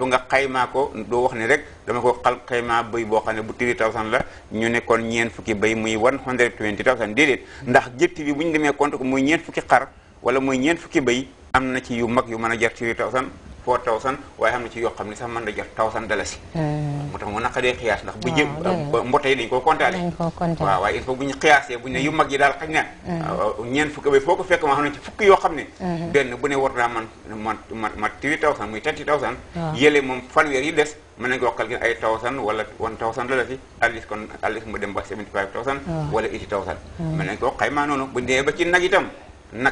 bu nga xaymaa ko doo wax ne rek dama ko xal xaymaa bëy boo xam ne bu tiri tawsan la ñu nekkoon kon ñeent fukki bëy muy one hundred twenty tawsan déedéet ndax gétt bi bu ñu demee compte ko muy ñeent fukki xar wala muy ñeent fukki bëy am na ci yu mag yu mën a jar tiri tawsan foo tawsan waaye am na ci yoo xam ne sax mën na jot tawsan dalasi eh. moo tax mu naqadee xiyaas ndax bu jë mbote yi dañ koo kontaale waaw waaye il faut bu ñu xiyaasee bu ñu ne yu mag yi daal xañ na eh. ñeent fukki ba foo ko fekk ma xam ne ci fukki yoo xam ne eh. benn bu ne war naa man man man man tiri tawsan muy tenti tawsan yële moom fanweer yi des mën nañ ko waxal gi ay tawsan wala one tawsan dalasi mu dem ba seventy five tawsan noonu bu ñu ba ci nag itam a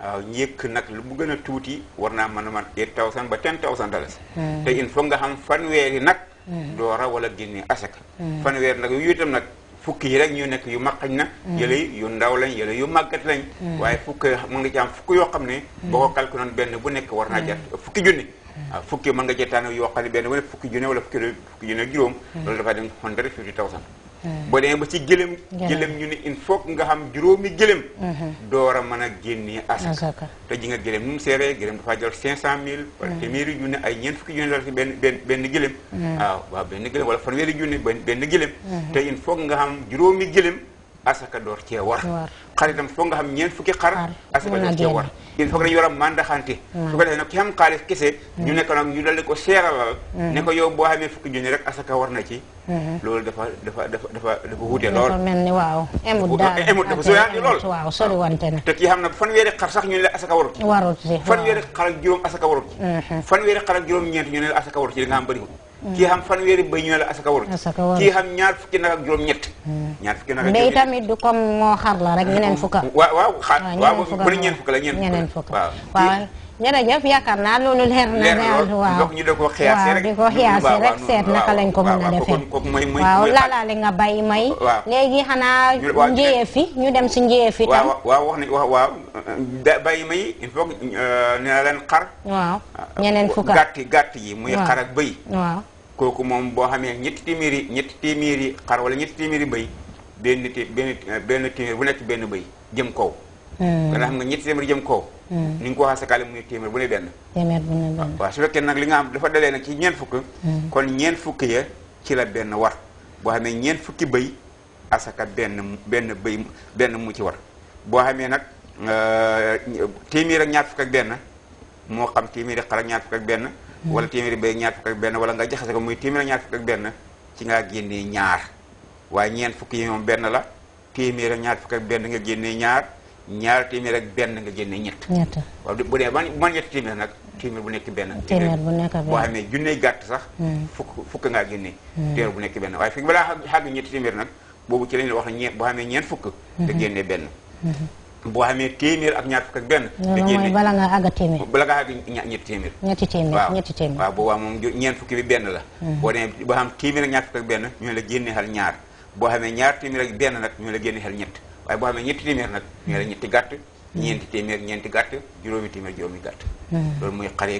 waaw njëkk nag lu mu gën a tuuti war naa mën a man eight thousand ba ten thousand dollars hmm. te il faut nga xam fanweeri nag hmm. doora wala génne asaka hmm. fanweeri nag yu itam nag fukki yi rek ñu nekk yu maqañ na yële yu ndaw lañ yële yu màggat lañ waaye fukk mën nga ci am fukk yoo xam ne boo ko calculé benn bu nekk war naa jar fukki junni waaw fukki mën nga ci tànn yoo xam ne benn bu nekk fukki junni wala fukki fukki junni ak juróom loolu dafay dem hundred fifty thousand Eh. boo demee ba ci gëlëm gëlëm ñu ne il faut nga xam juróomi gëlëm mm-hmm. door a mën a génnee asaka te ji nga gëlëm nu mu seeree gëlëm dafaa jël cent mille mm. wala téeméeri junne ay ñeent fukki junne benn benn benn benn gëlëm mm. ah, wala fanweeri junne benn benn gëlëm mm-hmm. te il nga xam juróomi gëlëm asaka door cee war xaritam foog nga xam ñeent fukki xar asaka door cee war il foog dañu war a mandaxante su ko defee nag ki xam xaalis kese ñu mm. nekk ñu dal ko seeralal mm. ne ko yow boo xamee fukki junni rek war na ci mm-hmm. loolu dafa dafa dafa dafa dafa wuute lool dafa mel ni waaw emut daal lool waaw sori wante na te kii xam sax ñu ne asaka warut ci mm-hmm. warut ci juróom ñeent ñu ne asaka warut ci li xam bëriwul kii xam fanweeri bay ñu ne la asaka warut kii xam ñaar fukki nag ak juróom-ñett hmm. ñaar fukki nag ak juróom-ñett tamit du comme moo xar la rek ñeneen fukka hmm. waaw waaw fukka la ñeen fukka waaw naa loolu leer ko ko xiyaase rek seet naka lañ dem si njëyee fi tam waaw wax na waaw bay may il faut euh, nee na leen xar waaw ah, ñeneen fukka gàtt gàtt yi muy xar ak bëy kooku moom boo xamee ñetti téeméeri ñetti téeméeri xar wala ñetti téeméeri bëy benn té benn euh, benn téeméer bu nekk benn bëy jëm kaw. kon hmm. xam nga ñetti téeméer jëm kaw. Hmm. ni nga ko waxee sakale muy bu benn. téeméer su fekkee nag li nga xam dafa dalee nag ci ñeent fukk. Hmm. kon ñeent fukk ya ci la benn war boo xamee ñeent fukki bëy asaka benn benn bëy benn mu ci war boo xamee nag euh, téeméer ak ñaar fukk ak benn moo xam téeméer ak ak ñaar fukk ak benn. wala téeméeri bay ñaar fukk ak benn wala nga jaxase ko muy téeméer ak ñaar fukk ak benn ci ngaa génnee ñaar waaye ñeent fukk yi benn la téeméer ak ñaar fukk ak benn nga génne ñaar ñaar téeméer ak benn nga génne ñett. ñett bu dee man man ñetti téeméer nag téeméer bu nekk benn. téeméer bu xamee junne gàtt sax. Hmm. fukk fukk ngaa génne. Hmm. téeméer bu nekk benn waaye fi balaa xàgg ñetti téeméer nag boobu ci lañ la wax ne ñeent boo xamee ñeent fukk. nga hmm. génne benn. boo xamee téeméer ak ñaar fukk ak benn. da génne bala nga àgg téeméer. bala nga àgg ñetti téeméer. ñetti téeméer ñetti téeméer waaw waaw boobaa moom ñeent fukki bi benn la. Mm-hmm. boo demee boo xam téeméer ak ñaar fukk ak benn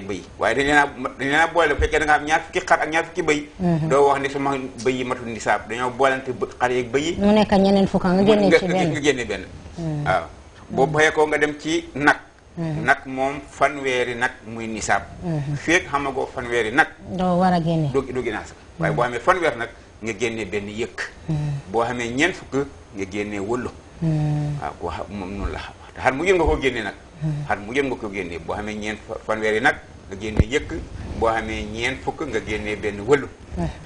bëy waaye dañ a a boole bu fekkee da ñaar fukki xar ak ñaar fukki bëy mm-hmm. doo wax ne sama bëy yi matul nisaab dañoo boolante xar yeeg bëy mu nekk ñeneen fukk nga génne ci benn mm-hmm. waaw boo mm-hmm. bayee ko nga dem ci nag mm-hmm. nag moom fanweeri nag muy nisaab mm-hmm. feeg xamagoo fanweeri nag doo war a génne doo doo génne waaye boo xamee fanweer nag nga génnee benn yëkk boo xamee ñeent fukk nga génne wëllu ah, waaw ko moom la xam mu yën nga ko nag xar mu yën nga ko boo xamee ñeent fanweeri nag nga génne yëkk boo xamee ñeent fukk nga génne benn wëllu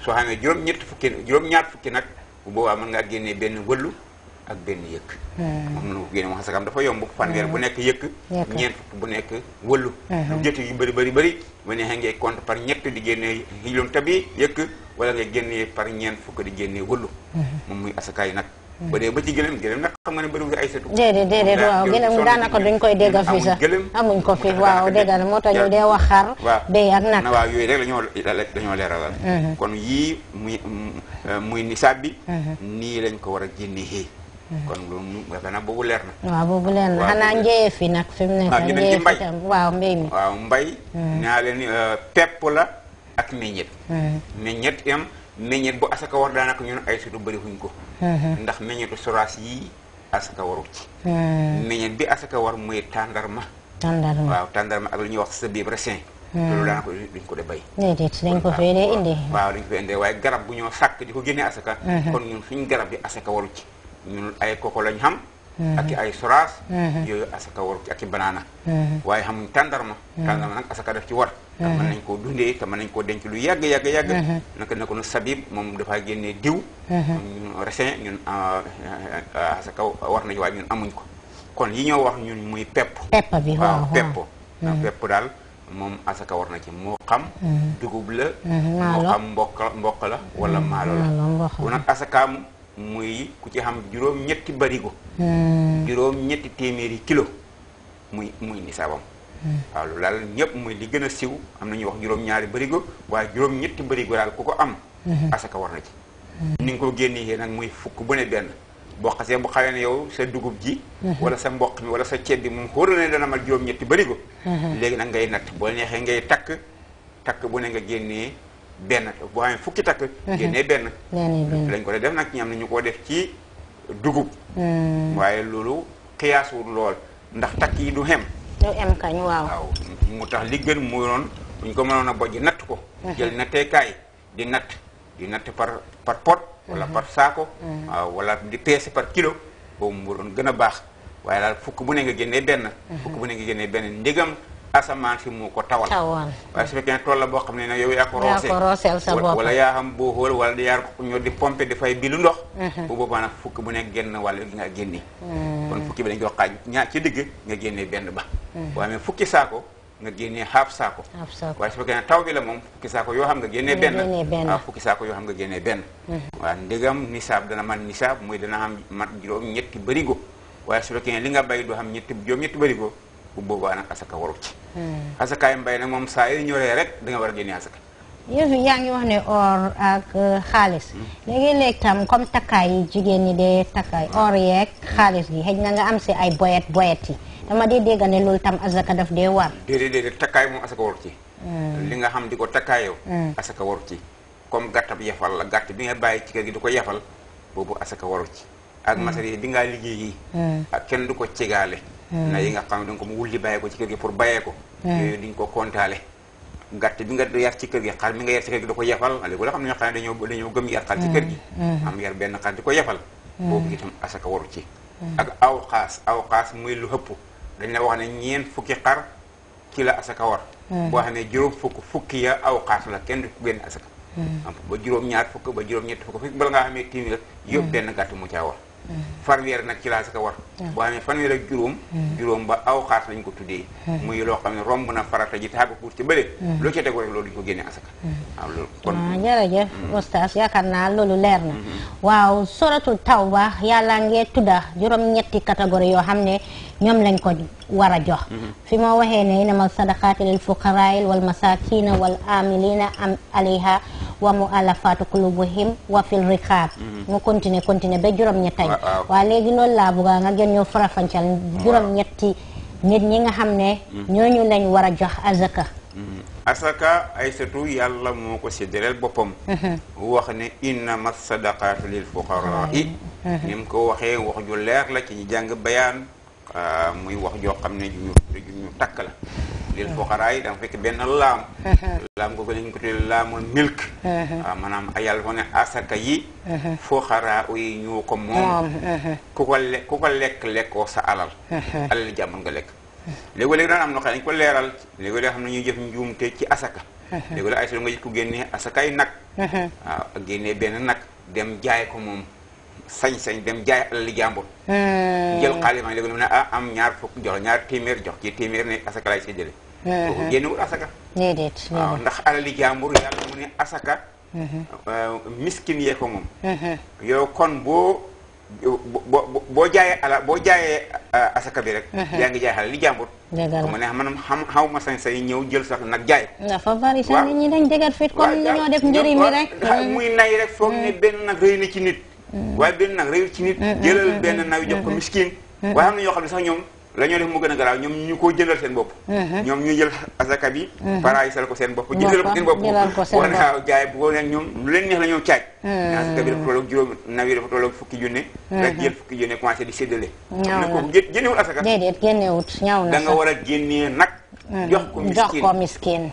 soo xamee juróom ñett fukki nag bu boobaa mën ngaa génnee benn wëllu ak ben yek moom eh. nu génne wax sagam dafa yomb fanweer eh. bu nek yek ñeent fukk bu nek wëllu eh, lu jëti yu bari bari bëri bu neexee ngay compte par ñet di gene hilum tabi yek wala nga génne par ñen fuk di gene wëllu moom muy asakaay nak ba dee ba ci gelem gelem nak xam nga ne bëriwul ay sëtu déedéet déedéet waaw da naka duñ koy dégg fi sa amuñ ko fi waaw dégg mo moo tax ñu dee wax xar béy ak nag waaw yoy rek lañoo dañu leeralal kon yi muy mm, mm, muy nisab bi ni lañ ko wara a génnee kon loolu defe naa boobu leer na. waaw boobu leer na xanaa njëye fi nag fi mu nekk. ah dinañ ci mbay waaw mbay mi. waaw mbay. Hmm. naa leen euh, pepp la ak meññet. Hmm. meññet yam meññet bu asaka war daanaka ñun ay sutu bëri fuñ ko. Hmm. ndax meññetu soraas yii asaka waru ci. meññet bi asaka war muy tàndarma. tàndarma waaw tàndarma ak lu ñuy wax sëb yi resin. loolu daanaka duñ ko de bay déedéet dañ ko fee dee indi. waaw dañ ko fee indee waaye garab bu ñoo sàkk di ko génnee asaka. kon ñun suñ garab bi asaka waru ci. ñun ay koko lañ xam ak ay soraas yoyu asaka war ak banana waye waaye xamuñ tandarma tàndarma nag asaka def ci wor man nañ ko dundé te man nañ ko denc lu yag yag yag nak nak no sabib mom dafa génné diw resin ñun ah, ah, ah, asaka wor nañ waaye ñun amuñ ko kon yi ñoo wax ñun muy pep pep bi waaw pepp pep dal mom asaka war na ci mo xam dugub la mo xam mbokk mbokk la wala maalo la nag asaka muy ku ci xam juróom ñetti barigo hmm. juróom ñetti téeméeri kilo muy muy nisaabam hmm. waaw loolu daal ñëpp muy li gën a siw am na ñuy wax juróom-ñaari barigo waaye juróom-ñetti barigo daal ku ko am hmm. asaka war na ci ni nga ko génnee nag muy fukk bu ne benn boo xasee bu xawee ne yow sa dugub ji wala sa mboq mi wala sa ceeb bi moom xóor na ne dana mal juróom-ñetti barigo léegi nag ngay natt boo neexee ngay takk takk bu ne nga génnee benn boo amee fukki takk mhm. génne benn lañ ko def def nag ñam nañu ñu ko def ci dugub hmm. waaye loolu xiyaasul lool ndax takk yi du xem du mu tax li gën mu doon buñ ko mënoon a bojj natt ko mhm. jël natteekaay di natt di natt par par pot wala mhm. par saako waaw wala di peese par kilo boobu mu doon gën a baax waaye daal fukk bu ne nga génnee benn fukk bu ne nga génnee benn ndegam asamaan fi mu ko tawal waaye su fekkene ne bo xamne boo xam ne nag yow ya ko rosel sa bop wala ya xam bo hol wala di yar ko ñoo di pomper pompe dafay bilu ndox mhm. bu boobaa nag fukk bu ne genn wàll nga génne mhm. kon fukki bi dañ ko xaj ñaa ci digg nga genné benn ba mhm. wa me fukki sa ko nga genné génnee sa ko wa su fekkene taw bi la mom fukki sa ko yo xam nga genné benn waaw ah, fukki sa ko yo xam nga genné benn wa ndegam nisab dana man nisab muy dana am mat juroom ñetti bari go wa su fekkene li nga bay do xam ñetti juroom ñetti bari go bu boobaa nag asaka waru ci. Hmm. asakaay mbay nag moom saa yu ñoree rek da nga war a génne asaka. yéen yaa ngi wax ne or ak uh, xaalis. Hmm. léegi-léeg tam comme takkaay yi jigéen ñi de takkaay hmm. or yeeg xaalis gi xëj na nga am si ay boyet boyet yi dama dee dégg ne loolu tam asaka daf dee war. déedéet déedéet takkaay moom asaka waru ci. li nga xam di ko takkaayoo. asaka waru ci comme gàtt bi yafal la gàtt bi nga bàyyi ci kër gi du ko yafal boobu asaka waru ci. ak matériel bi nga liggéey yi. kenn du ko cegaale. na yi nga xam ne donc mu wulli bàyyee ko ci kër gi pour bàyyee ko yooyu duñ ko kontaale gàtt bi nga yar ci kër gi xar mi nga yar ci kër gi da ko yefal léegi la xam yar benn xar di ko yefal boobu itam asaka waru ci ak aw xaas aw xaas muy lu hëpp dañ la wax ne ñeent fukki xar ci la asaka war boo xam ne juróom fukk fukki ya aw xaas la kenn du génn asaka ba juróom ñaar fukk ba juróom ñett fukk fukk bala ngaa xamee téeméer yëpp benn gàtt mu caa war Eh. fanweer nag ci la si ko war eh. boo amee fanweer ak juróom eh. juróom ba aw xaas lañ ko tuddee muy loo xam ne romb na farata ji taxa ko kuur ci bële loo ca ko génne asaka waaw loolu kon jërëjëf mm. oustaz yaakaar naa loolu leer na mm-hmm. waaw soratul tawba yàlla ngee tudda juróom ñetti catégorie yoo xam ne ñoom lañ ko war a jox mm-hmm. fi moo waxee ne inama sadaqaati lil fuqaraayil wal masakina wal amilina am alayha wa mu alafatu qulubuhum wa fil riqab mm-hmm. mu continuer continuer ba juróom ñettañ waa léegi loolu laa bëgga nga gën ñoo farafancal juróom ñetti nit ñi nga xam ne mm-hmm. ñooñu lañ war a jox azaka mm-hmm. asaka ay satu yàlla moo ko séddaleel boppam wax ne innama sadaqaatu lil fuqaraa i ko waxee wax ju leer la ci ñu jàng bayaan muy wax joo xam ne ju ñu la lil fuqaraay da nga fekk benn laam laam googu lañ ko tuddee laamul milk waaw uh-huh. ah, maanaam ayal ko ne asaka yi uh-huh. fuqaraa yi ñoo ko moom uh-huh. ku ko lekk lekkoo sa alal alal jàmbur nga lekk léegi-léegi daan am na xëy dañ ko leeral léegi loo xam ne ñuy jëf njuumte ci nga ah, ko moom sañ-sañ dem jaay alali jàmbur jël xaalis ma léegi lu mu ne ah, am ñaar fukk jox ñaar téeméer jox ci téeméer ne asaka laay séddale génnewul eh, eh. asaka déedéet waaw ah, ndax alali jàmbur yàlla mu ne asaka mm-hmm. euh, miskin yee ko moom mm-hmm. yow kon boo boo jaayee ala boo jaayee euh, asaka bi rek mm-hmm. yaa ngi jaay xale li jàmbur mu ne manam xam xaw ma sañ say ñëw jël sax nag jaay dafa bari sax nit ñi dañ dëgër fit kon dañoo def njëriñ bi rek mm. muy nay rek foog ne mm. benn nag rëy na ci nit mm. waaye benn nag rëyul ci nit jëlal benn naw jox ko miskin waaye xam na ñoo xam ne sax ñoom la ñoo def mu gën a garaaw ñoom ñu ko jëndal seen bopp uh-huh. ñoom ñu jël asaka bi uh-huh. parayisal ko seen bopp jëndal ko seen bopp wanaaw jaay bu neen ñoom lu leen neex la ñoom caaj uh-huh. asaka bi dafa tolloog juróom nawi dafa tolloog fukki junne rek jël fukki junne commencé di séddale ñaaw na ko génnewul asaka déedéet génnewut ñaaw na da nga war a génnee nag jox ko miskin